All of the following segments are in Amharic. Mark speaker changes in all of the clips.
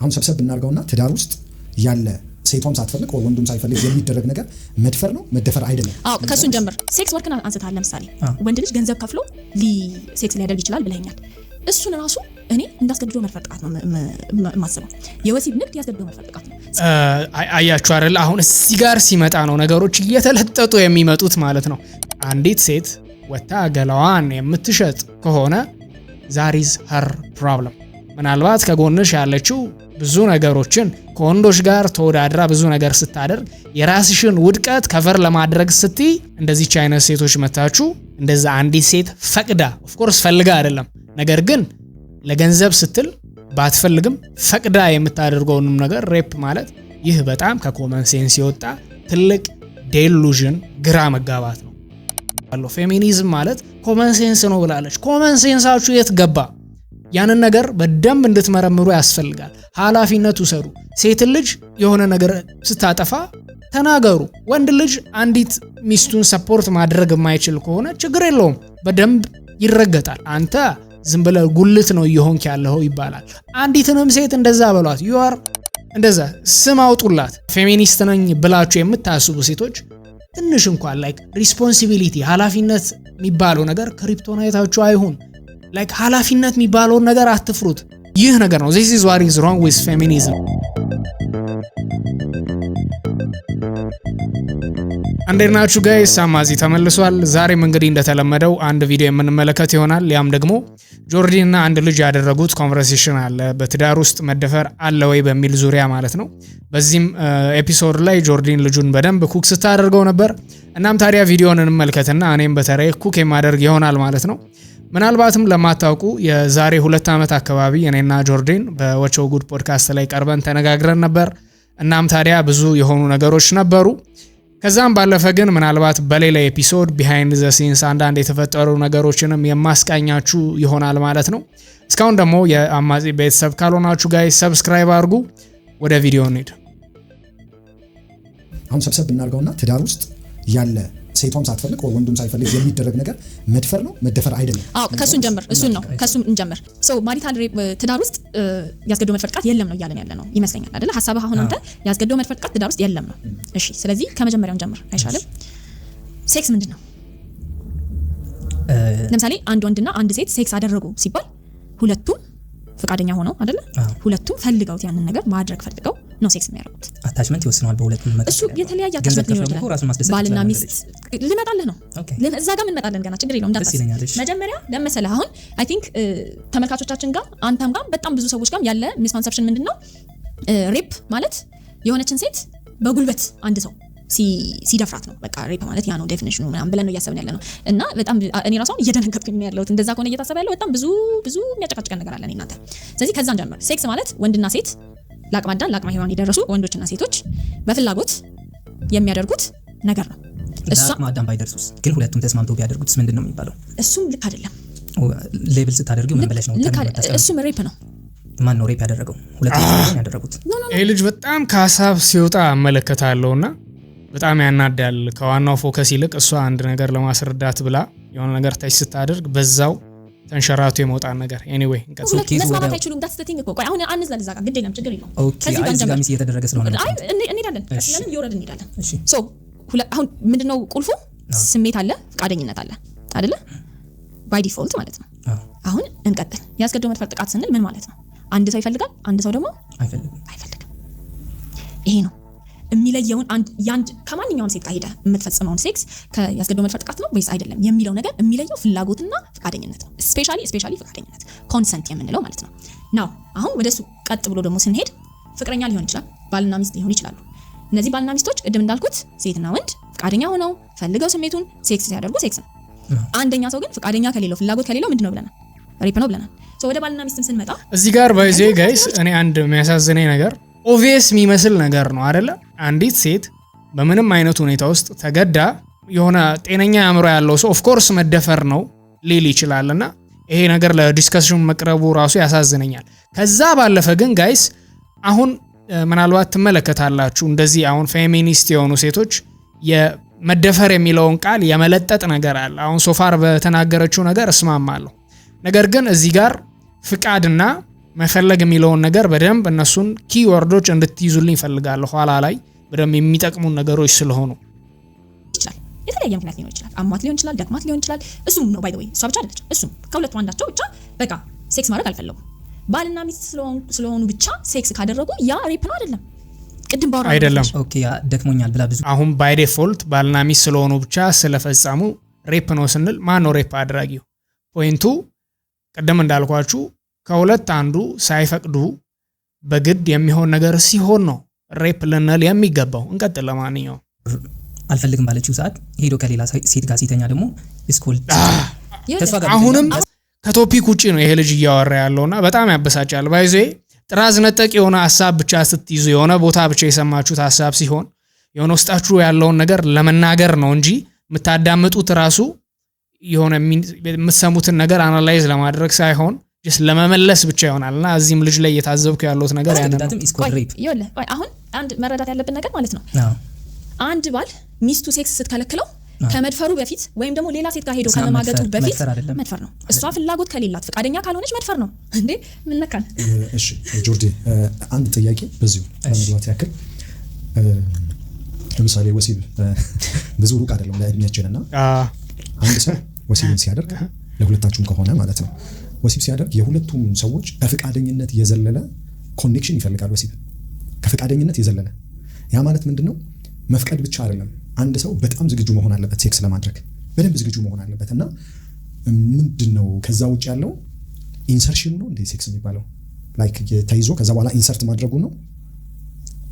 Speaker 1: አሁን ሰብሰብ ብናደርገውና ትዳር ውስጥ ያለ ሴቷም ሳትፈልግ ወንዱም ሳይፈልግ የሚደረግ ነገር መድፈር ነው፣ መደፈር አይደለም።
Speaker 2: አዎ ከሱን ጀምር። ሴክስ ወርክን አንስታል ለምሳሌ ወንድ ልጅ ገንዘብ ከፍሎ ሴክስ ሊያደርግ ይችላል ብለኛል። እሱን ራሱ እኔ እንዳስገድዶ መድፈር ጥቃት ነው ማስበው። የወሲብ ንግድ ያስገድዶ መድፈር ጥቃት ነው።
Speaker 3: አያችሁ አይደል? አሁን እዚህ ጋር ሲመጣ ነው ነገሮች እየተለጠጡ የሚመጡት ማለት ነው። አንዲት ሴት ወታ ገላዋን የምትሸጥ ከሆነ ዛሪዝ ሀር ፕሮብለም ምናልባት ከጎንሽ ያለችው ብዙ ነገሮችን ከወንዶች ጋር ተወዳድራ ብዙ ነገር ስታደርግ የራስሽን ውድቀት ከቨር ለማድረግ ስትይ እንደዚች አይነት ሴቶች መታችሁ። እንደዛ አንዲት ሴት ፈቅዳ ኦፍኮርስ ፈልጋ አይደለም፣ ነገር ግን ለገንዘብ ስትል ባትፈልግም ፈቅዳ የምታደርገውንም ነገር ሬፕ ማለት ይህ በጣም ከኮመን ሴንስ የወጣ ትልቅ ዴሉዥን ግራ መጋባት ነው። ፌሚኒዝም ማለት ኮመን ሴንስ ነው ብላለች። ኮመን ሴንሳችሁ የት ገባ? ያንን ነገር በደንብ እንድትመረምሩ ያስፈልጋል። ኃላፊነት ውሰዱ። ሴት ልጅ የሆነ ነገር ስታጠፋ ተናገሩ። ወንድ ልጅ አንዲት ሚስቱን ሰፖርት ማድረግ የማይችል ከሆነ ችግር የለውም፣ በደንብ ይረገጣል። አንተ ዝም ብለህ ጉልት ነው እየሆንክ ያለኸው ይባላል። አንዲትንም ሴት እንደዛ በሏት። ዩአር እንደዛ ስም አውጡላት። ፌሚኒስት ነኝ ብላችሁ የምታስቡ ሴቶች ትንሽ እንኳን ላይክ ሪስፖንሲቢሊቲ ኃላፊነት የሚባለው ነገር ክሪፕቶናይታችሁ አይሁን። ላይክ ኃላፊነት የሚባለውን ነገር አትፍሩት። ይህ ነገር ነው ዚስ ኢዝ ዋት ኢዝ ሮንግ ዊዝ ፌሚኒዝም። እንዴት ናችሁ ጋይስ? አማዚ ተመልሷል። ዛሬም እንግዲህ እንደተለመደው አንድ ቪዲዮ የምንመለከት ይሆናል። ያም ደግሞ ጆርዲን እና አንድ ልጅ ያደረጉት ኮንቨርሴሽን አለ፣ በትዳር ውስጥ መደፈር አለ ወይ በሚል ዙሪያ ማለት ነው። በዚህም ኤፒሶድ ላይ ጆርዲን ልጁን በደንብ ኩክ ስታደርገው ነበር። እናም ታዲያ ቪዲዮን እንመልከትና እኔም በተለይ ኩክ የማደርግ ይሆናል ማለት ነው። ምናልባትም ለማታውቁ የዛሬ ሁለት ዓመት አካባቢ እኔና ጆርዴን በወቸው ጉድ ፖድካስት ላይ ቀርበን ተነጋግረን ነበር። እናም ታዲያ ብዙ የሆኑ ነገሮች ነበሩ። ከዛም ባለፈ ግን ምናልባት በሌላ ኤፒሶድ ቢሃይንድ ዘ ሲንስ አንዳንድ የተፈጠሩ ነገሮችንም የማስቃኛችሁ ይሆናል ማለት ነው። እስካሁን ደግሞ የአማጺ ቤተሰብ ካልሆናችሁ ጋይ ሰብስክራይብ አድርጉ። ወደ ቪዲዮ እንሂድ።
Speaker 1: አሁን ሰብሰብ ብናደርገውና ትዳር ውስጥ ያለ ሴቷም ሳትፈልግ ወንዱም ሳይፈልግ የሚደረግ ነገር መድፈር ነው መደፈር አይደለም።
Speaker 2: አዎ ከሱ እንጀምር፣ እሱን ነው ከሱ እንጀምር። ሶ ማሪታል ትዳር ውስጥ ያስገድዶ መድፈር ጥቃት የለም ነው እያለን ያለ ነው ይመስለኛል አይደለ? ሀሳብህ አሁን አንተ ያስገድዶ መድፈር ጥቃት ትዳር ውስጥ የለም ነው። እሺ፣ ስለዚህ ከመጀመሪያው እንጀምር አይሻልም? ሴክስ ምንድን ነው? ለምሳሌ አንድ ወንድና አንድ ሴት ሴክስ አደረጉ ሲባል ሁለቱም ፈቃደኛ ሆነው አይደለ? ሁለቱም ፈልገውት ያንን ነገር ማድረግ ፈልገው ነው ሴክስ የሚያደርጉት።
Speaker 1: አታችመንት ይወስነዋል። በሁለት
Speaker 2: እሱ የተለያየ አታችመንት ሊኖር ይችላል። ባልና ሚስት ልመጣልህ ነው እዛ ጋር እንመጣለን። ገና ችግር የለውም እንዳታስብ። መጀመሪያ ለመሰለህ አሁን አይ ቲንክ ተመልካቾቻችን ጋር አንተም ጋር በጣም ብዙ ሰዎች ጋር ያለ ሚስኮንሰፕሽን ምንድን ነው ሬፕ ማለት የሆነችን ሴት በጉልበት አንድ ሰው ሲደፍራት ነው። በቃ ሬፕ ማለት ያ ነው ዴፊኒሽኑ ምናምን ብለን ነው እያሰብን ያለ ነው። እና በጣም እኔ ራሱ አሁን እየደነገጥኩኝ ነው ያለሁት። እንደዛ ከሆነ እየታሰበ ያለው በጣም ብዙ ብዙ የሚያጨቃጭቀን ነገር አለ እናንተ። ስለዚህ ከዛን ጀምር ሴክስ ማለት ወንድና ሴት ለአቅመ አዳም ለአቅመ ሔዋን የደረሱ ወንዶችና ሴቶች በፍላጎት የሚያደርጉት ነገር ነው።
Speaker 1: ለአቅመ አዳም ባይደርሱስ ግን ሁለቱም ተስማምተው ቢያደርጉትስ ምንድን ነው የሚባለው?
Speaker 2: እሱም ልክ አይደለም።
Speaker 1: ሌብል ስታደርጊው መመለሽ ነው። እሱም ሬፕ ነው። ማን ነው ሬፕ ያደረገው? ሁለቱም
Speaker 3: ያደረጉት። ይህ ልጅ በጣም ከሀሳብ ሲወጣ እመለከታለሁ እና በጣም ያናዳል። ከዋናው ፎከስ ይልቅ እሷ አንድ ነገር ለማስረዳት ብላ የሆነ ነገር ታች ስታደርግ በዛው ተንሸራቱ የመውጣ ነገር ኤኒዌይ
Speaker 2: መስማማት አይችሉም። ቲንግ እኮ አሁን ግድ የለም ችግር
Speaker 1: የለውም።
Speaker 2: እየተደረገ አሁን ምንድነው ቁልፉ? ስሜት አለ፣ ፈቃደኝነት አለ አይደለ? ባይ ዲፎልት ማለት ነው። አሁን እንቀጥል። ያስገድዶ መድፈር ጥቃት ስንል ምን ማለት ነው? አንድ ሰው ይፈልጋል፣ አንድ ሰው ደግሞ አይፈልግም። ይሄ ነው የሚለየውን አንድ ከማንኛውም ሴት ጋር ሄደ የምትፈጽመውን ሴክስ ያስገድዶ መድፈር ጥቃት ነው ወይስ አይደለም የሚለው ነገር የሚለየው ፍላጎትና ፈቃደኝነት ነው። ስፔሻሊ ስፔሻሊ ፈቃደኝነት ኮንሰንት የምንለው ማለት ነው። ናው አሁን ወደሱ ቀጥ ብሎ ደግሞ ስንሄድ ፍቅረኛ ሊሆን ይችላል፣ ባልና ሚስት ሊሆን ይችላሉ። እነዚህ ባልና ሚስቶች ቅድም እንዳልኩት ሴትና ወንድ ፈቃደኛ ሆነው ፈልገው ስሜቱን ሴክስ ሲያደርጉ ሴክስ ነው። አንደኛ ሰው ግን ፈቃደኛ ከሌለው ፍላጎት ከሌለው ምንድን ነው ብለናል? ነው ብለናል። ወደ ባልና ሚስትም ስንመጣ
Speaker 3: እዚህ ጋር ባይዜ ጋይስ እኔ አንድ የሚያሳዝነኝ ነገር ኦቪየስ የሚመስል ነገር ነው አደለ? አንዲት ሴት በምንም አይነት ሁኔታ ውስጥ ተገዳ የሆነ ጤነኛ አእምሮ ያለው ሰው ኦፍኮርስ መደፈር ነው ሊል ይችላል። እና ይሄ ነገር ለዲስከሽን መቅረቡ ራሱ ያሳዝነኛል። ከዛ ባለፈ ግን ጋይስ አሁን ምናልባት ትመለከታላችሁ እንደዚህ አሁን ፌሚኒስት የሆኑ ሴቶች የመደፈር የሚለውን ቃል የመለጠጥ ነገር አለ። አሁን ሶፋር በተናገረችው ነገር እስማማለሁ። ነገር ግን እዚህ ጋር ፍቃድና መፈለግ የሚለውን ነገር በደንብ እነሱን ኪወርዶች እንድትይዙልኝ ይፈልጋለሁ። ኋላ ላይ በደንብ የሚጠቅሙን ነገሮች ስለሆኑ
Speaker 2: የተለያየ ምክንያት ሊሆን ይችላል። አሟት ሊሆን ይችላል። ደክማት ሊሆን ይችላል። እሱም ነው ባይ ወይ እሷ ብቻ አይደለችም። እሱም ከሁለቱ አንዳቸው ብቻ በቃ ሴክስ ማድረግ አልፈለጉም። ባልና ሚስት ስለሆኑ ብቻ ሴክስ ካደረጉ ያ ሬፕ ነው አይደለም ቅድም ባወራ
Speaker 1: አይደለም። ኦኬ ያ ደክሞኛል ብላ ብዙ
Speaker 3: አሁን ባይ ዴፎልት ባልና ሚስት ስለሆኑ ብቻ ስለፈጸሙ ሬፕ ነው ስንል ማን ነው ሬፕ አድራጊው? ፖይንቱ ቅድም እንዳልኳችሁ ከሁለት አንዱ ሳይፈቅዱ በግድ የሚሆን ነገር ሲሆን ነው ሬፕ ልንል የሚገባው። እንቀጥል። ለማንኛውም
Speaker 1: አልፈልግም ባለችው ሰዓት ሄዶ ከሌላ ሴት ጋር ሲተኛ ደግሞ ስኮልድ
Speaker 3: አሁንም ከቶፒክ ውጭ ነው ይሄ ልጅ እያወራ ያለውና በጣም ያበሳጫል። ባይዜ ጥራዝ ነጠቅ የሆነ ሀሳብ ብቻ ስትይዙ የሆነ ቦታ ብቻ የሰማችሁት ሀሳብ ሲሆን የሆነ ውስጣችሁ ያለውን ነገር ለመናገር ነው እንጂ የምታዳምጡት ራሱ የሆነ የምትሰሙትን ነገር አናላይዝ ለማድረግ ሳይሆን ስ ለመመለስ ብቻ ይሆናል እና እዚህም ልጅ ላይ እየታዘብኩ ያለሁት ነገር
Speaker 1: ያለ
Speaker 2: አሁን አንድ መረዳት ያለብን ነገር ማለት ነው አንድ ባል ሚስቱ ሴክስ ስትከለክለው ከመድፈሩ በፊት ወይም ደግሞ ሌላ ሴት ጋር ሄዶ ከመማገጡ በፊት መድፈር ነው። እሷ ፍላጎት ከሌላት ፈቃደኛ ካልሆነች መድፈር ነው እንዴ ምነካል?
Speaker 1: እሺ ጆርዲ፣ አንድ ጥያቄ በዚሁ ለመግባት ያክል ለምሳሌ ወሲብ ብዙ ሩቅ አይደለም ለእድሜያችን እና አንድ ሰው ወሲብን ሲያደርግ ለሁለታችሁም ከሆነ ማለት ነው ወሲብ ሲያደርግ የሁለቱም ሰዎች ከፍቃደኝነት የዘለለ ኮኔክሽን ይፈልጋል። ወሲብ ከፍቃደኝነት የዘለለ ያ ማለት ምንድን ነው? መፍቀድ ብቻ አይደለም። አንድ ሰው በጣም ዝግጁ መሆን አለበት፣ ሴክስ ለማድረግ በደንብ ዝግጁ መሆን አለበት። እና ምንድን ነው ከዛ ውጭ ያለው ኢንሰርሽኑ ነው እንደ ሴክስ የሚባለው ላይክ ተይዞ ከዛ በኋላ ኢንሰርት ማድረጉ ነው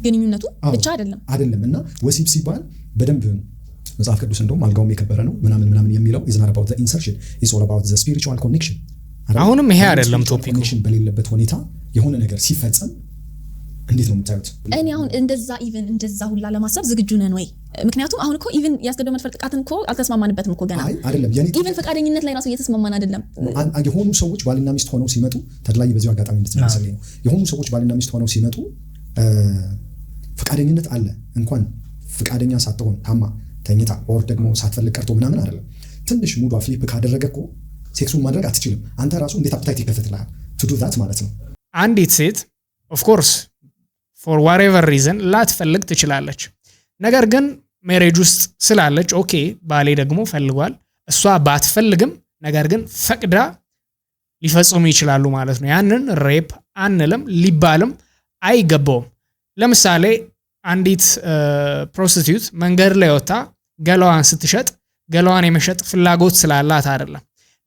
Speaker 2: ግንኙነቱ ብቻ አይደለም
Speaker 1: አይደለም። እና ወሲብ ሲባል በደንብ መጽሐፍ ቅዱስ እንደውም አልጋውም የከበረ ነው ምናምን ምናምን የሚለው ኢዝ ናት አባውት ዘ ኢንሰርሽን ኢዝ ኦል አባውት ዘ ስፒሪቹዋል ኮኔክሽን
Speaker 3: አሁንም ይሄ አይደለም ቶፒክ
Speaker 1: በሌለበት ሁኔታ የሆነ ነገር ሲፈጸም እንዴት ነው የምታዩት?
Speaker 2: እኔ አሁን እንደዛ ኢቨን እንደዛ ሁላ ለማሰብ ዝግጁ ነን ወይ? ምክንያቱም አሁን እኮ ኢቨን ያስገድዶ መድፈር ጥቃትን እኮ አልተስማማንበትም እኮ ገና አይደለም። ኢቨን ፈቃደኝነት ላይ ራሱ እየተስማማን አይደለም።
Speaker 1: የሆኑ ሰዎች ባልና ሚስት ሆነው ሲመጡ ተድላይ በዚሁ አጋጣሚ እንድትመስል ነው። የሆኑ ሰዎች ባልና ሚስት ሆነው ሲመጡ ፈቃደኝነት አለ። እንኳን ፈቃደኛ ሳትሆን ታማ ተኝታ ኦር ደግሞ ሳትፈልግ ቀርቶ ምናምን አይደለም። ትንሽ ሙዷ ፍሊፕ ካደረገ እኮ ሴክሱን ማድረግ አትችልም። አንተ ራሱ እንዴት አፕታይት ይከፈትልሃል ቱ ዱ ዛት ማለት ነው።
Speaker 3: አንዲት ሴት ኦፍኮርስ ፎር ዋሬቨር ሪዝን ላትፈልግ ትችላለች። ነገር ግን ሜሬጅ ውስጥ ስላለች ኦኬ ባሌ ደግሞ ፈልጓል፣ እሷ ባትፈልግም ነገር ግን ፈቅዳ ሊፈጽሙ ይችላሉ ማለት ነው። ያንን ሬፕ አንልም ሊባልም አይገባውም። ለምሳሌ አንዲት ፕሮስቲቱት መንገድ ላይ ወጥታ ገላዋን ስትሸጥ ገላዋን የመሸጥ ፍላጎት ስላላት አይደለም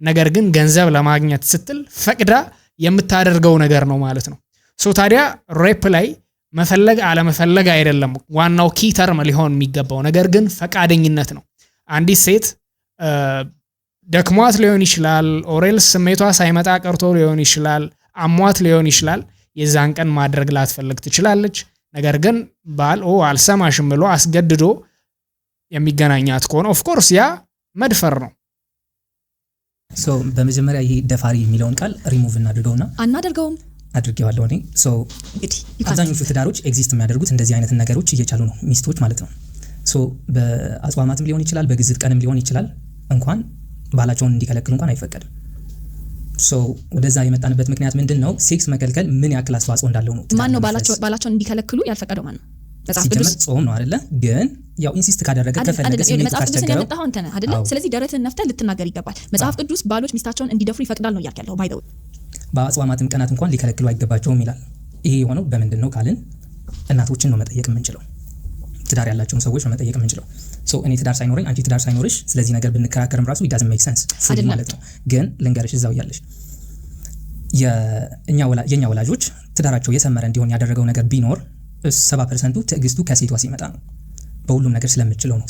Speaker 3: ነገር ግን ገንዘብ ለማግኘት ስትል ፈቅዳ የምታደርገው ነገር ነው ማለት ነው። ሶ ታዲያ ሬፕ ላይ መፈለግ አለመፈለግ አይደለም ዋናው ኪ ተርም ሊሆን የሚገባው ነገር ግን ፈቃደኝነት ነው። አንዲት ሴት ደክሟት ሊሆን ይችላል፣ ኦሬል ስሜቷ ሳይመጣ ቀርቶ ሊሆን ይችላል፣ አሟት ሊሆን ይችላል። የዛን ቀን ማድረግ ላትፈልግ ትችላለች። ነገር ግን ባል ኦ አልሰማሽም ብሎ አስገድዶ የሚገናኛት ከሆነ ኦፍኮርስ ያ መድፈር ነው።
Speaker 1: በመጀመሪያ ይሄ ደፋሪ የሚለውን ቃል ሪሙቭ እናድርገውና አናደርገውም አድርጌዋለሁ እኔ አብዛኞቹ ትዳሮች ኤግዚስት የሚያደርጉት እንደዚህ አይነት ነገሮች እየቻሉ ነው፣ ሚስቶች ማለት ነው። በአጽዋማትም ሊሆን ይችላል፣ በግዝት ቀንም ሊሆን ይችላል። እንኳን ባላቸውን እንዲከለክሉ እንኳን አይፈቀድም። ወደዛ የመጣንበት ምክንያት ምንድን ነው? ሴክስ መከልከል ምን ያክል አስተዋጽኦ እንዳለው ነው።
Speaker 2: ማን ነው ባላቸውን እንዲከለክሉ ያልፈቀደው? ማን ነው?
Speaker 1: መጽሐፍ ጾም ነው አይደለ? ግን ያው ኢንሲስት ካደረገ
Speaker 2: ከፈለገ ሲል መጽሐፍ ቅዱስ ያመጣኸው አንተ ነህ አይደለ? ስለዚህ ደረትህን ነፍተህ ልትናገር ይገባል። መጽሐፍ ቅዱስ ባሎች ሚስታቸውን እንዲደፍሩ ይፈቅዳል ነው እያልክ ያለው። ባይ ዘ ወይ
Speaker 1: በአጽዋማትም ቀናት እንኳን ሊከለክሉ አይገባቸውም ይላል። ይሄ የሆነው በምንድን ነው ካልን እናቶችን ነው መጠየቅ የምንችለው፣ ትዳር ያላቸውን ሰዎች ነው መጠየቅ የምንችለው። ሶ እኔ ትዳር ሳይኖረኝ አንቺ ትዳር ሳይኖርሽ ስለዚህ ነገር ብንከራከርም ራሱ ኢዳዝን ሜክ ሰንስ ፉል ማለት ነው። ግን ልንገርሽ እዛው እያለሽ የእኛ ወላጆች ትዳራቸው የሰመረ እንዲሆን ያደረገው ነገር ቢኖር ሰባ ፐርሰንቱ ትዕግስቱ ከሴቷ ሲመጣ ነው። በሁሉም ነገር ስለምችለው ነው።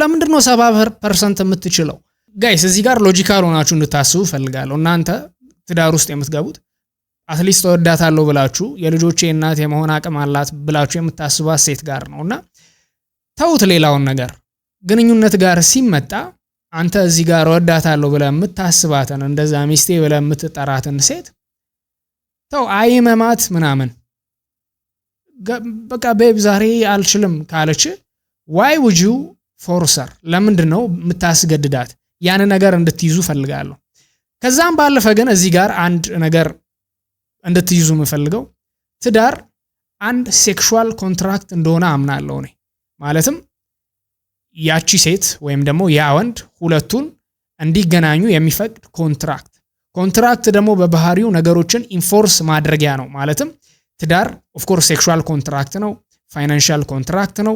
Speaker 3: ለምንድን ነው ሰባ ፐርሰንት የምትችለው? ጋይስ እዚህ ጋር ሎጂካል ሆናችሁ እንድታስቡ እፈልጋለሁ። እናንተ ትዳር ውስጥ የምትገቡት አትሊስት እወዳታለሁ ብላችሁ የልጆቼ እናት የመሆን አቅም አላት ብላችሁ የምታስቧት ሴት ጋር ነው እና ተውት፣ ሌላውን ነገር ግንኙነት ጋር ሲመጣ አንተ እዚህ ጋር እወዳታለሁ ብለህ የምታስባትን እንደዛ ሚስቴ ብለህ የምትጠራትን ሴት ተው አይመማት ምናምን በቃ ቤብ ዛሬ አልችልም ካለች ዋይ ውጁ ፎርሰር ለምንድን ነው የምታስገድዳት? ያን ነገር እንድትይዙ ፈልጋለሁ። ከዛም ባለፈ ግን እዚህ ጋር አንድ ነገር እንድትይዙ የምፈልገው ትዳር አንድ ሴክሹዋል ኮንትራክት እንደሆነ አምናለሁ እኔ። ማለትም ያቺ ሴት ወይም ደግሞ ያ ወንድ ሁለቱን እንዲገናኙ የሚፈቅድ ኮንትራክት። ኮንትራክት ደግሞ በባህሪው ነገሮችን ኢንፎርስ ማድረጊያ ነው ማለትም ትዳር ኦፍኮርስ ሴክሹዋል ኮንትራክት ነው፣ ፋይናንሻል ኮንትራክት ነው።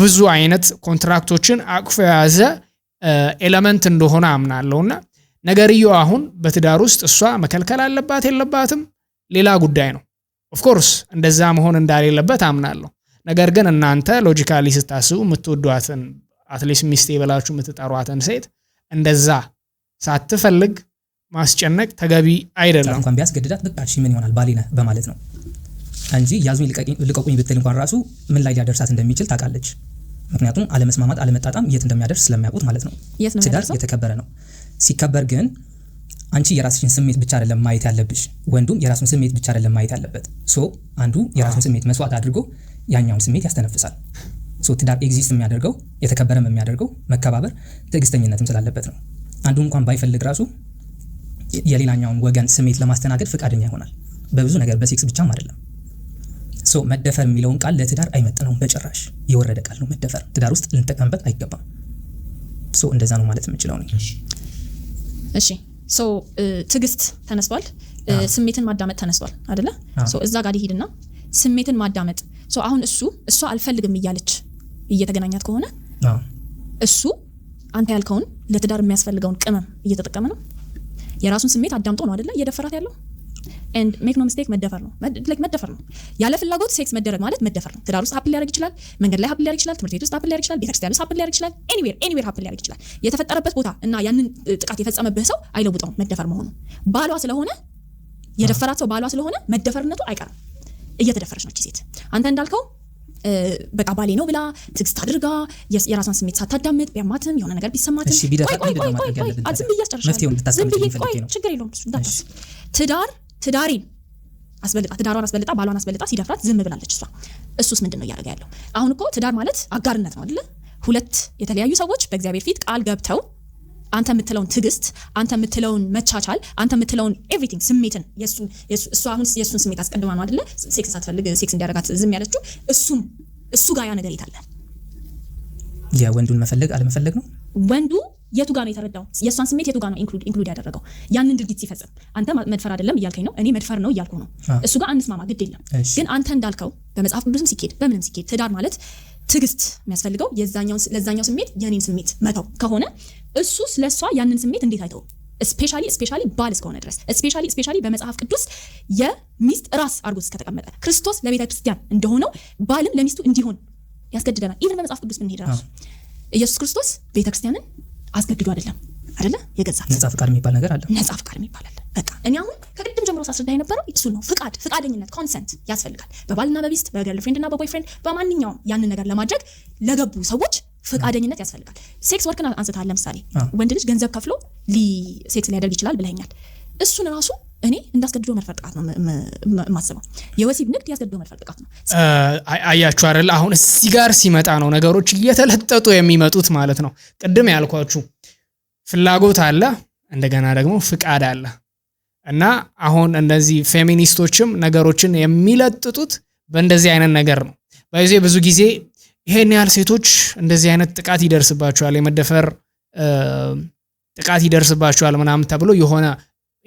Speaker 3: ብዙ አይነት ኮንትራክቶችን አቅፎ የያዘ ኤለመንት እንደሆነ አምናለሁና ነገርየው አሁን በትዳር ውስጥ እሷ መከልከል አለባት የለባትም ሌላ ጉዳይ ነው። ኦፍኮርስ እንደዛ መሆን እንዳሌለበት አምናለሁ። ነገር ግን እናንተ ሎጂካሊ ስታስቡ የምትወዷትን አትሊስት ሚስቴ ብላችሁ የምትጠሯትን ሴት እንደዛ ሳትፈልግ ማስጨነቅ ተገቢ አይደለም።
Speaker 1: እንኳን ቢያስገድዳት ምን ይሆናል ባሌ ነህ በማለት ነው እንጂ ያዙኝ ልቀቁኝ ብትል እንኳን ራሱ ምን ላይ ሊያደርሳት እንደሚችል ታውቃለች። ምክንያቱም አለመስማማት፣ አለመጣጣም የት እንደሚያደርስ ስለሚያውቁት ማለት ነው። ትዳር የተከበረ ነው። ሲከበር ግን አንቺ የራስሽን ስሜት ብቻ አይደለም ማየት ያለብሽ፣ ወንዱም የራሱን ስሜት ብቻ አይደለም ማየት ያለበት። ሶ አንዱ የራሱን ስሜት መስዋዕት አድርጎ ያኛውን ስሜት ያስተነፍሳል። ሶ ትዳር ኤግዚስት የሚያደርገው የተከበረም የሚያደርገው መከባበር ትዕግስተኝነትም ስላለበት ነው። አንዱ እንኳን ባይፈልግ ራሱ የሌላኛውን ወገን ስሜት ለማስተናገድ ፈቃደኛ ይሆናል። በብዙ ነገር በሴክስ ብቻም አይደለም። ሶ መደፈር የሚለውን ቃል ለትዳር አይመጥነውም በጭራሽ የወረደ ቃል ነው። መደፈር ትዳር ውስጥ ልንጠቀምበት አይገባም። ሶ እንደዛ ነው ማለት የምችለው
Speaker 2: እሺ ሶ ትዕግስት ተነስቷል፣ ስሜትን ማዳመጥ ተነስቷል አደለ? እዛ ጋር ሊሄድና ስሜትን ማዳመጥ አሁን እሱ እሷ አልፈልግም እያለች እየተገናኛት ከሆነ እሱ አንተ ያልከውን ለትዳር የሚያስፈልገውን ቅመም እየተጠቀመ ነው። የራሱን ስሜት አዳምጦ ነው አደለ እየደፈራት ያለው ናቸው። ኤንድ ሜክ ኖ ሚስቴክ መደፈር ነው መደፈር ነው። ያለ ፍላጎት ሴክስ መደረግ ማለት መደፈር ነው። ትዳር ውስጥ ሀፕል ሊያደርግ ይችላል፣ መንገድ ላይ ሀፕል ሊያደርግ ይችላል፣ ትምህርት ቤት ውስጥ ሀፕል ሊያደርግ ይችላል፣ ቤተክርስቲያን ውስጥ ሀፕል ሊያደርግ ይችላል፣ ኤኒዌር ኤኒዌር ሀፕል ሊያደርግ ይችላል። የተፈጠረበት ቦታ እና ያንን ጥቃት የፈጸመብህ ሰው አይለውጠውም መደፈር መሆኑ። ባሏ ስለሆነ የደፈራት ሰው ባሏ ስለሆነ መደፈርነቱ አይቀርም። እየተደፈረች ነች ሴት አንተ እንዳልከው በቃ ባሌ ነው ብላ ትግስት አድርጋ የራሷን ስሜት ሳታዳምጥ ቢያማትም የሆነ ነገር ቢሰማትም ዝም ብዬ አስጨርሻለሁ። ዝም ብዬ ቆይ ችግር የለውም ትዳር ትዳሬን አስበልጣ ትዳሯን አስበልጣ ባሏን አስበልጣ ሲደፍራት ዝም ብላለች እሷ። እሱስ ምንድን ነው እያደረገ ያለው? አሁን እኮ ትዳር ማለት አጋርነት ነው አይደለ? ሁለት የተለያዩ ሰዎች በእግዚአብሔር ፊት ቃል ገብተው አንተ የምትለውን ትዕግስት፣ አንተ የምትለውን መቻቻል፣ አንተ የምትለውን ኤቭሪቲንግ ስሜትን እሱ አሁን የእሱን ስሜት አስቀድማ ነው አይደለ? ሴክስ ሳትፈልግ ሴክስ እንዲያደርጋት ዝም ያለችው እሱም እሱ ጋር ያ ነገር የታለ?
Speaker 1: የወንዱን መፈለግ አለመፈለግ ነው
Speaker 2: ወንዱ የቱ ጋ ነው የተረዳው? የእሷን ስሜት የቱ ጋ ነው ኢንክሉድ ያደረገው? ያንን ድርጊት ሲፈጽም አንተ መድፈር አይደለም እያልከኝ ነው፣ እኔ መድፈር ነው እያልኩ ነው። እሱ ጋር አንስማማ፣ ግድ የለም ግን አንተ እንዳልከው በመጽሐፍ ቅዱስም ሲኬድ በምንም ሲኬድ ትዳር ማለት ትዕግስት የሚያስፈልገው ለዛኛው ስሜት የኔን ስሜት መተው ከሆነ እሱ ስለሷ ያንን ስሜት እንዴት አይተው? ስፔሻሊ ስፔሻሊ ባል እስከሆነ ድረስ ስፔሻሊ ስፔሻሊ በመጽሐፍ ቅዱስ የሚስት ራስ አርጎ እስከተቀመጠ ክርስቶስ ለቤተ ክርስቲያን እንደሆነው ባልም ለሚስቱ እንዲሆን ያስገድደናል። ኢቨን በመጽሐፍ ቅዱስ ብንሄድ ራሱ ኢየሱስ ክርስቶስ ቤተክርስቲያንን አስገድዶ አይደለም አይደለ? የገዛ ነጻ
Speaker 1: ፍቃድ የሚባል ነገር አለ።
Speaker 2: ነጻ ፍቃድ የሚባል አለ። በቃ እኔ አሁን ከቅድም ጀምሮ ሳስረዳ የነበረው እሱ ነው። ፍቃድ፣ ፍቃደኝነት፣ ኮንሰንት ያስፈልጋል። በባልና በቢስት በገርልፍሬንድ እና በቦይፍሬንድ በማንኛውም ያንን ነገር ለማድረግ ለገቡ ሰዎች ፍቃደኝነት ያስፈልጋል። ሴክስ ወርክን አንስታል ለምሳሌ ወንድ ልጅ ገንዘብ ከፍሎ ሴክስ ሊያደርግ ይችላል ብለኛል። እሱን ራሱ እኔ እንዳስገድዶ መድፈር ጥቃት ነው ማስበው። የወሲብ ንግድ ያስገድዶ መድፈር ጥቃት ነው።
Speaker 3: አያችሁ አይደል? አሁን እዚህ ጋር ሲመጣ ነው ነገሮች እየተለጠጡ የሚመጡት ማለት ነው። ቅድም ያልኳችሁ ፍላጎት አለ፣ እንደገና ደግሞ ፍቃድ አለ እና አሁን እነዚህ ፌሚኒስቶችም ነገሮችን የሚለጥጡት በእንደዚህ አይነት ነገር ነው። በዚ ብዙ ጊዜ ይሄን ያህል ሴቶች እንደዚህ አይነት ጥቃት ይደርስባቸዋል፣ የመደፈር ጥቃት ይደርስባቸዋል ምናምን ተብሎ የሆነ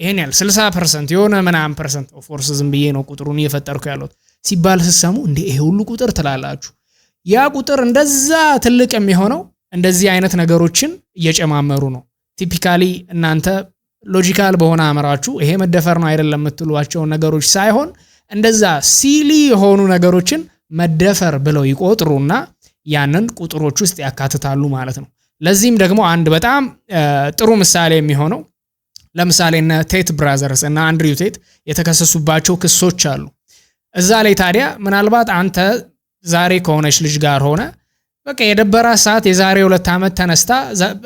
Speaker 3: ይሄን ያህል 60 ፐርሰንት የሆነ ምናምን ፐርሰንት ኦፎርስ ዝም ብዬ ነው ቁጥሩን እየፈጠርኩ ያለሁት ሲባል ስሰሙ እንዴ ይሄ ሁሉ ቁጥር ትላላችሁ። ያ ቁጥር እንደዛ ትልቅ የሚሆነው እንደዚህ አይነት ነገሮችን እየጨማመሩ ነው። ቲፒካሊ እናንተ ሎጂካል በሆነ አእምሯችሁ ይሄ መደፈር ነው አይደለም የምትሏቸውን ነገሮች ሳይሆን እንደዛ ሲሊ የሆኑ ነገሮችን መደፈር ብለው ይቆጥሩና ያንን ቁጥሮች ውስጥ ያካትታሉ ማለት ነው። ለዚህም ደግሞ አንድ በጣም ጥሩ ምሳሌ የሚሆነው ለምሳሌ እነ ቴት ብራዘርስ እና አንድሪው ቴት የተከሰሱባቸው ክሶች አሉ። እዛ ላይ ታዲያ ምናልባት አንተ ዛሬ ከሆነች ልጅ ጋር ሆነ በቃ የደበራ ሰዓት የዛሬ ሁለት ዓመት ተነስታ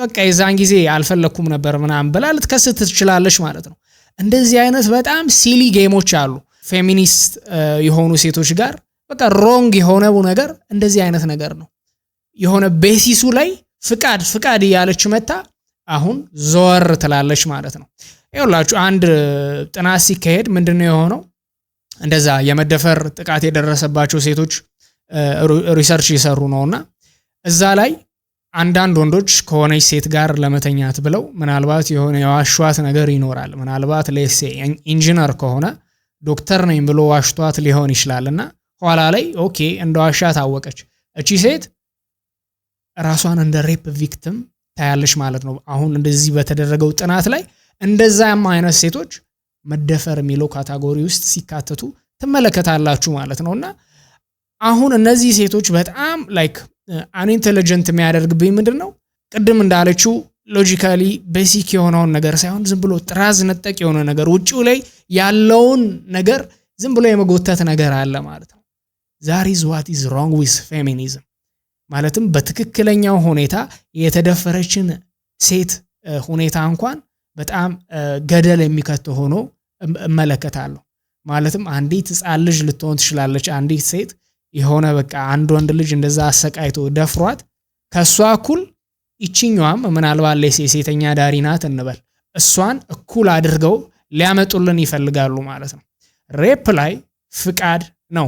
Speaker 3: በቃ የዛን ጊዜ አልፈለግኩም ነበር ምናምን ብላ ልትከስት ትችላለች ማለት ነው። እንደዚህ አይነት በጣም ሲሊ ጌሞች አሉ ፌሚኒስት የሆኑ ሴቶች ጋር በቃ ሮንግ የሆነው ነገር እንደዚህ አይነት ነገር ነው። የሆነ ቤሲሱ ላይ ፍቃድ ፍቃድ እያለች መታ አሁን ዞር ትላለች ማለት ነው። ይኸውላችሁ አንድ ጥናት ሲካሄድ ምንድን ነው የሆነው? እንደዛ የመደፈር ጥቃት የደረሰባቸው ሴቶች ሪሰርች እየሰሩ ነውና እዛ ላይ አንዳንድ ወንዶች ከሆነች ሴት ጋር ለመተኛት ብለው ምናልባት የሆነ የዋሿት ነገር ይኖራል። ምናልባት ሌሴ ኢንጂነር ከሆነ ዶክተር ነኝ ብሎ ዋሽቷት ሊሆን ይችላል እና ኋላ ላይ ኦኬ እንደ ዋሻ ታወቀች እቺ ሴት ራሷን እንደ ሬፕ ቪክትም ታያለሽ ማለት ነው። አሁን እንደዚህ በተደረገው ጥናት ላይ እንደዛም አይነት ሴቶች መደፈር የሚለው ካታጎሪ ውስጥ ሲካተቱ ትመለከታላችሁ ማለት ነው። እና አሁን እነዚህ ሴቶች በጣም ላይክ አንኢንቴሊጀንት የሚያደርግብኝ ምንድን ነው ቅድም እንዳለችው ሎጂካሊ ቤሲክ የሆነውን ነገር ሳይሆን ዝም ብሎ ጥራዝ ነጠቅ የሆነ ነገር ውጭው ላይ ያለውን ነገር ዝም ብሎ የመጎተት ነገር አለ ማለት ነው። ዛሪዝ ዋት ኢዝ ሮንግ ዊዝ ፌሚኒዝም ማለትም በትክክለኛው ሁኔታ የተደፈረችን ሴት ሁኔታ እንኳን በጣም ገደል የሚከት ሆኖ እመለከታለሁ። ማለትም አንዲት ህፃን ልጅ ልትሆን ትችላለች። አንዲት ሴት የሆነ በቃ አንድ ወንድ ልጅ እንደዛ አሰቃይቶ ደፍሯት ከእሷ እኩል ይችኛዋም ምናልባት የሴተኛ ዳሪ ናት እንበል እሷን እኩል አድርገው ሊያመጡልን ይፈልጋሉ ማለት ነው። ሬፕ ላይ ፍቃድ ነው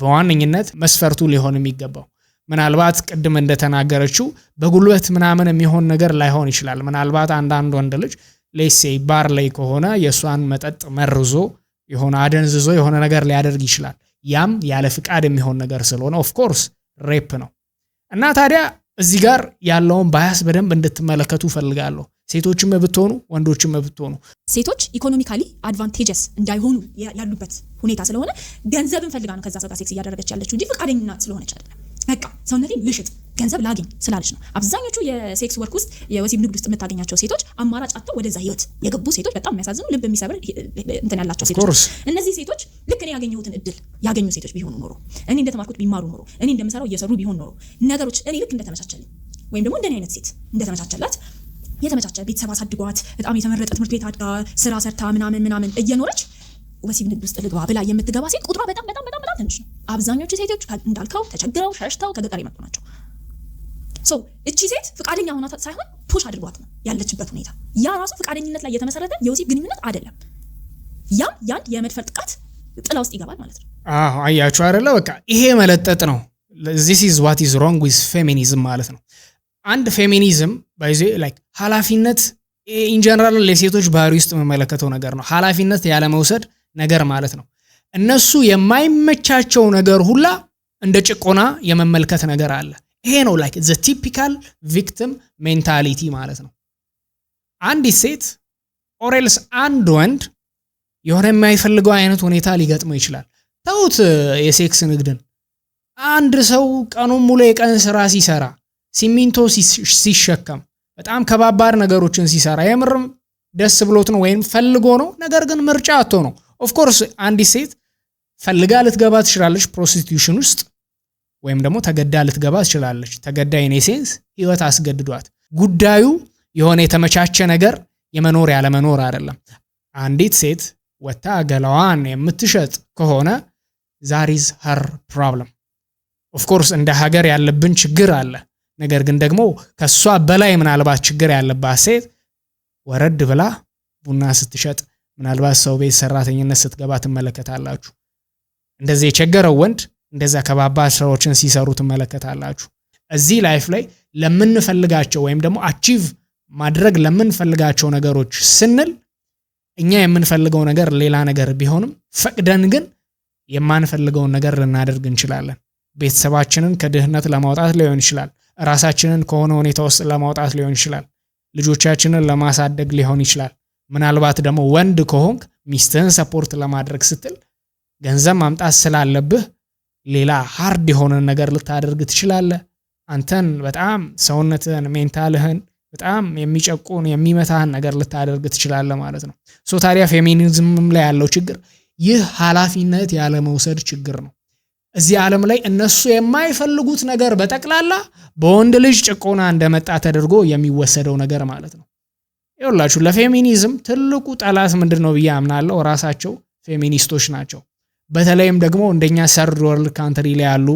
Speaker 3: በዋነኝነት መስፈርቱ ሊሆን የሚገባው። ምናልባት ቅድም እንደተናገረችው በጉልበት ምናምን የሚሆን ነገር ላይሆን ይችላል። ምናልባት አንዳንድ ወንድ ልጅ ሌሴ ባር ላይ ከሆነ የእሷን መጠጥ መርዞ የሆነ አደንዝዞ የሆነ ነገር ሊያደርግ ይችላል። ያም ያለ ፍቃድ የሚሆን ነገር ስለሆነ ኦፍኮርስ ሬፕ ነው እና ታዲያ እዚህ ጋር ያለውን ባያስ በደንብ እንድትመለከቱ ፈልጋለሁ። ሴቶችም ብትሆኑ ወንዶችም ብትሆኑ
Speaker 2: ሴቶች ኢኮኖሚካሊ አድቫንቴጀስ እንዳይሆኑ ያሉበት ሁኔታ ስለሆነ ገንዘብ ፈልጋ ነው ከዛ ሰው ጋር ሴክስ እያደረገች ያለችው እንጂ ፈቃደኝነት ስለሆነች አይደለም። በቃ ሰውነቴ ልሽጥ ገንዘብ ላግኝ ስላለች ነው። አብዛኞቹ የሴክስ ወርክ ውስጥ የወሲብ ንግድ ውስጥ የምታገኛቸው ሴቶች አማራጭ አጥተው ወደዛ ህይወት የገቡ ሴቶች በጣም የሚያሳዝኑ ልብ የሚሰብር እንትን ያላቸው ሴቶች። እነዚህ ሴቶች ልክ እኔ ያገኘሁትን እድል ያገኙ ሴቶች ቢሆኑ ኖሮ፣ እኔ እንደተማርኩት ቢማሩ ኖሮ፣ እኔ እንደምሰራው እየሰሩ ቢሆን ኖሮ ነገሮች እኔ ልክ እንደተመቻቸልኝ ወይም ደግሞ እንደኔ አይነት ሴት እንደተመቻቸላት የተመቻቸ ቤተሰብ አሳድጓት በጣም የተመረጠ ትምህርት ቤት አድጋ ስራ ሰርታ ምናምን ምናምን እየኖረች ወሲብ ንግድ ውስጥ ልግባ ብላ የምትገባ ሴት ቁጥሯ በጣም በጣም ትንሽ ነው። አብዛኞቹ ሴቶች እንዳልከው ተቸግረው ሸሽተው ከገጠር የመጡ ናቸው። እቺ ሴት ፍቃደኛ ሆና ሳይሆን ፑሽ አድርጓት ነው ያለችበት ሁኔታ። ያ ራሱ ፍቃደኝነት ላይ የተመሰረተ የወሲብ ግንኙነት አይደለም። ያም ያንድ የመድፈር ጥቃት ጥላ ውስጥ ይገባል ማለት ነው።
Speaker 3: አዎ አያችሁ አይደለ? በቃ ይሄ መለጠጥ ነው። ዚስ ኢዝ ዋት ኢዝ ሮንግ ዊዝ ፌሚኒዝም ማለት ነው። አንድ ፌሚኒዝም ባይዜ ላይክ ኃላፊነት ኢንጀነራል ለሴቶች ባህሪ ውስጥ የምመለከተው ነገር ነው። ኃላፊነት ያለመውሰድ ነገር ማለት ነው። እነሱ የማይመቻቸው ነገር ሁላ እንደ ጭቆና የመመልከት ነገር አለ። ይሄ ነው ላይክ ዘ ቲፒካል ቪክቲም ሜንታሊቲ ማለት ነው። አንዲት ሴት ኦሬልስ አንድ ወንድ የሆነ የማይፈልገው አይነት ሁኔታ ሊገጥመው ይችላል። ተውት የሴክስ ንግድን። አንድ ሰው ቀኑን ሙሉ የቀን ስራ ሲሰራ፣ ሲሚንቶ ሲሸከም፣ በጣም ከባባድ ነገሮችን ሲሰራ የምርም ደስ ብሎት ነው ወይም ፈልጎ ነው። ነገር ግን ምርጫ አቶ ነው። ኦፍኮርስ አንዲት ሴት ፈልጋ ልትገባ ትችላለች ፕሮስቲቱሽን ውስጥ ወይም ደግሞ ተገዳ ልትገባ ትችላለች። ተገዳ ኢን ሴንስ ህይወት አስገድዷት። ጉዳዩ የሆነ የተመቻቸ ነገር የመኖር ያለመኖር አይደለም። አንዲት ሴት ወታ ገላዋን የምትሸጥ ከሆነ ዛሪዝ ሀር ፕሮብለም። ኦፍኮርስ እንደ ሀገር ያለብን ችግር አለ። ነገር ግን ደግሞ ከእሷ በላይ ምናልባት ችግር ያለባት ሴት ወረድ ብላ ቡና ስትሸጥ፣ ምናልባት ሰው ቤት ሰራተኝነት ስትገባ ትመለከታላችሁ። እንደዚ የቸገረው ወንድ እንደዛ ከባባድ ስራዎችን ሲሰሩ ትመለከታላችሁ። እዚህ ላይፍ ላይ ለምንፈልጋቸው ወይም ደግሞ አቺቭ ማድረግ ለምንፈልጋቸው ነገሮች ስንል እኛ የምንፈልገው ነገር ሌላ ነገር ቢሆንም ፈቅደን ግን የማንፈልገውን ነገር ልናደርግ እንችላለን። ቤተሰባችንን ከድህነት ለማውጣት ሊሆን ይችላል። ራሳችንን ከሆነ ሁኔታ ውስጥ ለማውጣት ሊሆን ይችላል። ልጆቻችንን ለማሳደግ ሊሆን ይችላል። ምናልባት ደግሞ ወንድ ከሆንክ ሚስትህን ሰፖርት ለማድረግ ስትል ገንዘብ ማምጣት ስላለብህ ሌላ ሃርድ የሆነ ነገር ልታደርግ ትችላለህ። አንተን በጣም ሰውነትህን፣ ሜንታልህን በጣም የሚጨቁን የሚመታህን ነገር ልታደርግ ትችላለህ ማለት ነው። ሶ ታዲያ ፌሚኒዝምም ላይ ያለው ችግር ይህ ኃላፊነት ያለመውሰድ ችግር ነው። እዚህ ዓለም ላይ እነሱ የማይፈልጉት ነገር በጠቅላላ በወንድ ልጅ ጭቆና እንደመጣ ተደርጎ የሚወሰደው ነገር ማለት ነው። ይኸውላችሁ ለፌሚኒዝም ትልቁ ጠላት ምንድን ነው ብዬ አምናለሁ ራሳቸው ፌሚኒስቶች ናቸው። በተለይም ደግሞ እንደኛ ሰርድ ወርልድ ካንትሪ ላይ ያሉ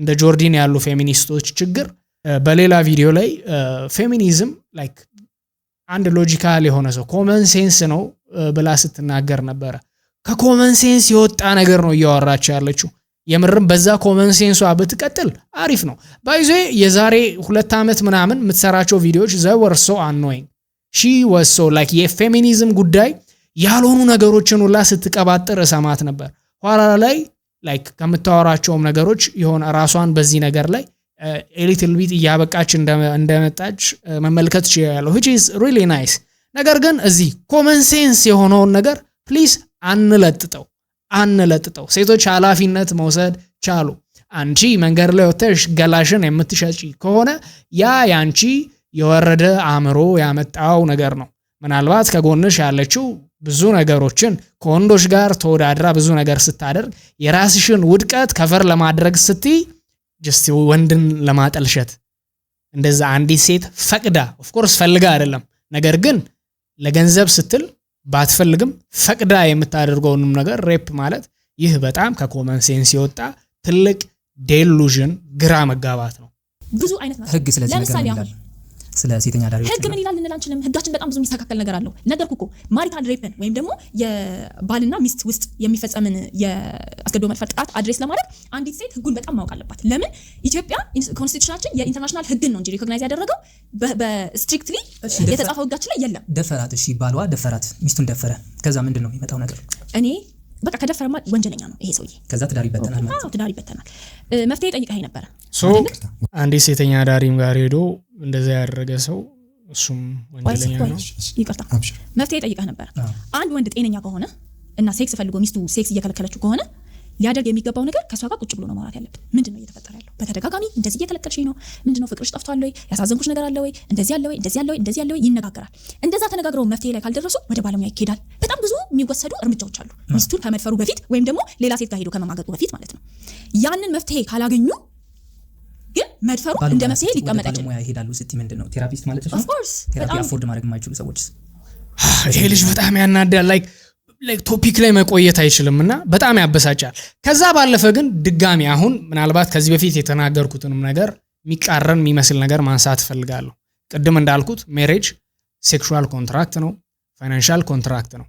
Speaker 3: እንደ ጆርዲን ያሉ ፌሚኒስቶች ችግር በሌላ ቪዲዮ ላይ ፌሚኒዝም ላይክ አንድ ሎጂካል የሆነ ሰው ኮመን ሴንስ ነው ብላ ስትናገር ነበረ። ከኮመን ሴንስ የወጣ ነገር ነው እያወራች ያለችው። የምርም በዛ ኮመን ሴንሷ ብትቀጥል አሪፍ ነው። ባይዞ የዛሬ ሁለት ዓመት ምናምን የምትሰራቸው ቪዲዮዎች ዘወር ሶ አኖይንግ ሺ ወሶ ላይክ የፌሚኒዝም ጉዳይ ያልሆኑ ነገሮችን ሁላ ስትቀባጥር እሰማት ነበር። ኋላ ላይ ላይክ ከምታወራቸውም ነገሮች የሆነ ራሷን በዚህ ነገር ላይ ኤሊትል uh, ቢት እያበቃች እንደመጣች uh, መመልከት ችያለሁ ዊች ኢዝ ሪሊ ናይስ። ነገር ግን እዚህ ኮመን ሴንስ የሆነውን ነገር ፕሊዝ አንለጥጠው አንለጥጠው። ሴቶች ኃላፊነት መውሰድ ቻሉ። አንቺ መንገድ ላይ ወተሽ ገላሽን የምትሸጪ ከሆነ ያ ያንቺ የወረደ አእምሮ ያመጣው ነገር ነው። ምናልባት ከጎንሽ ያለችው ብዙ ነገሮችን ከወንዶች ጋር ተወዳድራ ብዙ ነገር ስታደርግ የራስሽን ውድቀት ከቨር ለማድረግ ስትይ ጀስት ወንድን ለማጠልሸት እንደዛ አንዲት ሴት ፈቅዳ ኦፍኮርስ ፈልጋ አይደለም፣ ነገር ግን ለገንዘብ ስትል ባትፈልግም ፈቅዳ የምታደርገውንም ነገር ሬፕ ማለት ይህ በጣም ከኮመን ሴንስ የወጣ ትልቅ ዴሉዥን ግራ መጋባት ነው።
Speaker 2: ብዙ አይነት
Speaker 1: ህግ ስለዚህ ነገር ስለ ሴተኛ አዳሪዎች
Speaker 2: ህግ ምን ይላል ልንል አንችልም። ህጋችን በጣም ብዙ የሚስተካከል ነገር አለው። ነገርኩ እኮ ማሪታል ሬፕን ወይም ደግሞ የባልና ሚስት ውስጥ የሚፈጸምን የአስገድዶ መድፈር ጥቃት አድሬስ ለማድረግ አንዲት ሴት ህጉን በጣም ማወቅ አለባት። ለምን ኢትዮጵያ ኮንስቲቱሽናችን የኢንተርናሽናል ህግን ነው እንጂ ሪኮግናይዝ ያደረገው በስትሪክትሊ የተጻፈው ህጋችን ላይ የለም።
Speaker 1: ደፈራት፣ እሺ ባልዋ ደፈራት፣ ሚስቱን ደፈረ። ከዛ ምንድን ነው የሚመጣው ነገር
Speaker 2: እኔ በቃ ከደፈረማ ወንጀለኛ ነው ይሄ ሰውዬ።
Speaker 1: ከዛ ትዳር ይበተናል
Speaker 2: ትዳር ይበተናል። መፍትሄ ጠይቀኸኝ ነበረ።
Speaker 3: አንዲት ሴተኛ አዳሪም ጋር ሄዶ እንደዚያ ያደረገ ሰው እሱም ወንጀለኛ ነው።
Speaker 2: መፍትሄ ጠይቀህ ነበር። አንድ ወንድ ጤነኛ ከሆነ እና ሴክስ ፈልጎ ሚስቱ ሴክስ እየከለከለችው ከሆነ ሊያደርግ የሚገባው ነገር ከእሷ ጋር ቁጭ ብሎ ነው ማውራት ያለብን። ምንድን ነው እየተፈጠረ ያለው? በተደጋጋሚ እንደዚህ እየከለከልሽ ነው፣ ምንድን ነው ፍቅርሽ ጠፍቷል ወይ? ያሳዘንኩሽ ነገር አለ ወይ? እንደዚህ አለ ወይ? እንደዚህ አለ ወይ? እንደዚህ አለ ወይ? ይነጋገራል። እንደዛ ተነጋግረው መፍትሄ ላይ ካልደረሱ ወደ ባለሙያ ይሄዳል። በጣም ብዙ የሚወሰዱ እርምጃዎች አሉ፣ ሚስቱን ከመድፈሩ በፊት ወይም ደግሞ ሌላ ሴት ጋር ሄዶ ከመማገጡ በፊት ማለት ነው። ያንን መፍትሄ ካላገኙ ግን መድፈሩ እንደ መፍትሄ
Speaker 1: ሊቀመጥ አይችልም። ሙያ ይሄዳሉ ስትይ ምንድን ነው ቴራፒስት ማለት ነው። ኦፍኮርስ ቴራፒ አፎርድ ማድረግ የማይችሉ ሰዎች
Speaker 3: ይሄ ልጅ በጣም ያናዳል። ላይክ ላይክ ቶፒክ ላይ መቆየት አይችልም እና በጣም ያበሳጫል። ከዛ ባለፈ ግን ድጋሚ አሁን ምናልባት ከዚህ በፊት የተናገርኩትንም ነገር የሚቃረን የሚመስል ነገር ማንሳት እፈልጋለሁ። ቅድም እንዳልኩት ሜሬጅ ሴክሹዋል ኮንትራክት ነው፣ ፋይናንሻል ኮንትራክት ነው።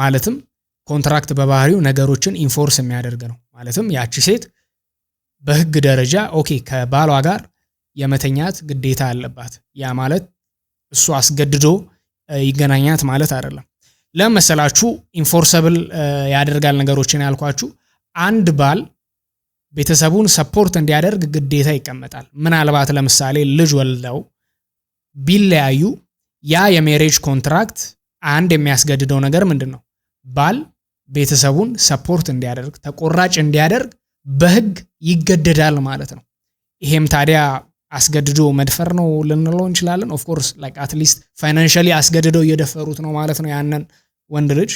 Speaker 3: ማለትም ኮንትራክት በባህሪው ነገሮችን ኢንፎርስ የሚያደርግ ነው። ማለትም ያቺ ሴት በህግ ደረጃ ኦኬ ከባሏ ጋር የመተኛት ግዴታ አለባት። ያ ማለት እሱ አስገድዶ ይገናኛት ማለት አይደለም። ለመሰላችሁ ኢንፎርሰብል ያደርጋል ነገሮችን ያልኳችሁ አንድ ባል ቤተሰቡን ሰፖርት እንዲያደርግ ግዴታ ይቀመጣል። ምናልባት ለምሳሌ ልጅ ወልደው ቢለያዩ ያ የሜሬጅ ኮንትራክት አንድ የሚያስገድደው ነገር ምንድን ነው? ባል ቤተሰቡን ሰፖርት እንዲያደርግ ተቆራጭ እንዲያደርግ በህግ ይገደዳል ማለት ነው። ይሄም ታዲያ አስገድዶ መድፈር ነው ልንለው እንችላለን። ኦፍኮርስ ላይክ አትሊስት ፋይናንሻሊ አስገድደው እየደፈሩት ነው ማለት ነው ያንን ወንድ ልጅ።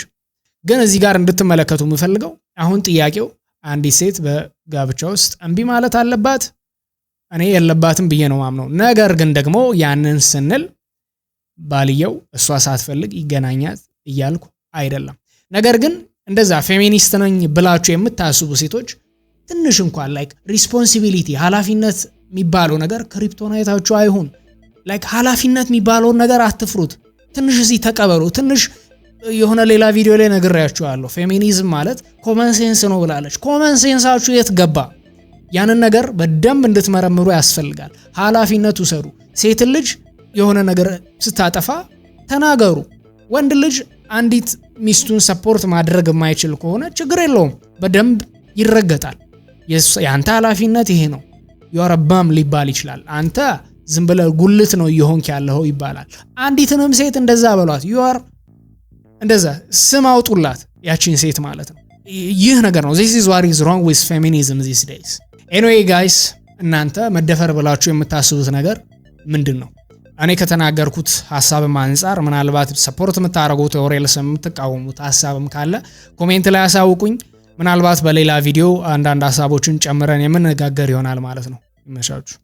Speaker 3: ግን እዚህ ጋር እንድትመለከቱ የምፈልገው አሁን ጥያቄው አንዲት ሴት በጋብቻ ውስጥ እምቢ ማለት አለባት? እኔ የለባትም ብዬ ነው ማምነው። ነገር ግን ደግሞ ያንን ስንል ባልየው እሷ ሳትፈልግ ይገናኛት እያልኩ አይደለም። ነገር ግን እንደዛ ፌሚኒስት ነኝ ብላችሁ የምታስቡ ሴቶች ትንሽ እንኳን ላይክ ሪስፖንሲቢሊቲ ኃላፊነት የሚባለው ነገር ክሪፕቶናይታችሁ አይሁን። ላይክ ኃላፊነት የሚባለውን ነገር አትፍሩት። ትንሽ እዚህ ተቀበሉ። ትንሽ የሆነ ሌላ ቪዲዮ ላይ ነግሬያችኋለሁ። ፌሚኒዝም ማለት ኮመን ሴንስ ነው ብላለች። ኮመን ሴንሳችሁ የት ገባ? ያንን ነገር በደንብ እንድትመረምሩ ያስፈልጋል። ኃላፊነት ውሰዱ። ሴትን ልጅ የሆነ ነገር ስታጠፋ ተናገሩ። ወንድ ልጅ አንዲት ሚስቱን ሰፖርት ማድረግ የማይችል ከሆነ ችግር የለውም፣ በደንብ ይረገጣል። የአንተ ኃላፊነት ይሄ ነው። ዮረባም ሊባል ይችላል። አንተ ዝም ብለህ ጉልት ነው እየሆንክ ያለኸው ይባላል። አንዲትንም ሴት እንደዛ በሏት፣ ዩር እንደዛ ስም አውጡላት ያቺን ሴት ማለት ነው። ይህ ነገር ነው ዚስ ኢዝ ዋት ኢዝ ሮንግ ዊዝ ፌሚኒዝም ዚስ ዴይስ። ኤኒዌይ ጋይስ እናንተ መደፈር ብላችሁ የምታስቡት ነገር ምንድን ነው? እኔ ከተናገርኩት ሀሳብም አንጻር ምናልባት ሰፖርት የምታደርጉት ኦሬልስ የምትቃወሙት ሀሳብም ካለ ኮሜንት ላይ አሳውቁኝ። ምናልባት በሌላ ቪዲዮ አንዳንድ ሀሳቦችን ጨምረን የምንነጋገር ይሆናል ማለት ነው። ይመሻችሁ።